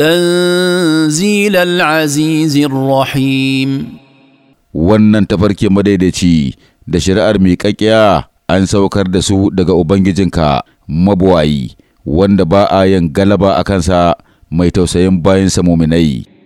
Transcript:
تنزيل العزيز الرحيم wannan tafarki madaidaici da shari'ar miƙaƙiya an saukar da su daga ubangijinka mabuwayi wanda ba a yin galaba a kansa mai tausayin bayansa muminai